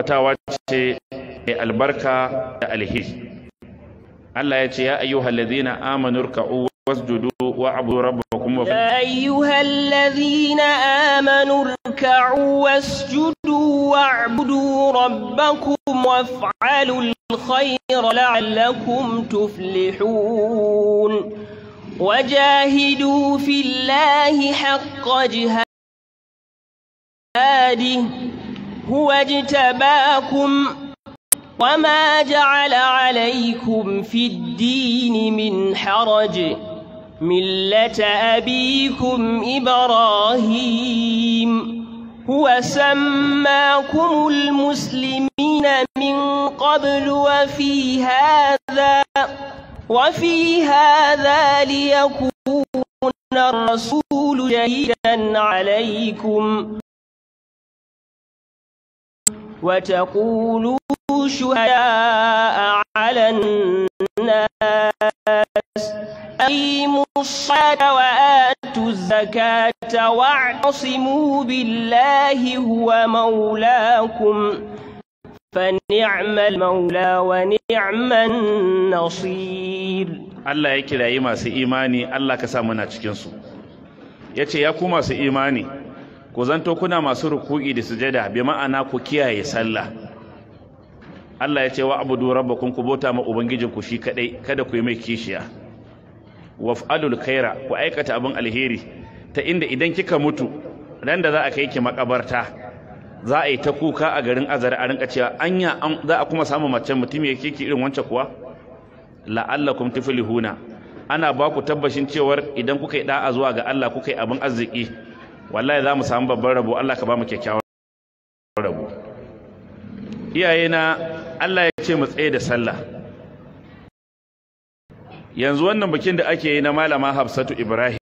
fatawa ce mai albarka da alheri Allah ya ce ya ayyuhal ladina amanu ruk'u wasjudu wa'budu rabbakum wa ya ayyuhal ladina amanu ruk'u wasjudu wa'budu rabbakum waf'alul khayra la'allakum tuflihun وجاهدوا في الله حق جهاده هو اجتباكم وما جعل عليكم في الدين من حرج ملة أبيكم إبراهيم هو سماكم المسلمين من قبل وفي هذا وفي هذا ليكون الرسول شهيدا وتقولوا شهداء على الناس أقيموا الصلاة وآتوا الزكاة واعتصموا بالله هو مولاكم فنعم المولى ونعم النصير الله يكرم ما سي إيماني الله كسامنا تشكنسو يتي يا كوما سي إيماني ku zanto kuna masu ruku'i da sujada bi ma'ana ku kiyaye sallah Allah ya ce wa abudu rabbakum ku bota ma ku shi kadai kada ku yi mai kishiya fa'alul khaira ku aikata abin alheri ta inda idan kika mutu ran da za a kai ki makabarta za a yi ta kuka a garin azara a rinka cewa anya za a kuma samu mace mutum ya ki irin wancan kuwa la'allakum tuflihuna ana ba ku tabbashin cewar idan kuka yi da'a zuwa ga Allah kuka yi abin arziki wallahi za mu samu babban rabo Allah ka ba mu kyakkyawan rabo iyayena Allah ya ce mu tsaye da sallah yanzu wannan bikin da ake yi na malama Hafsatu Ibrahim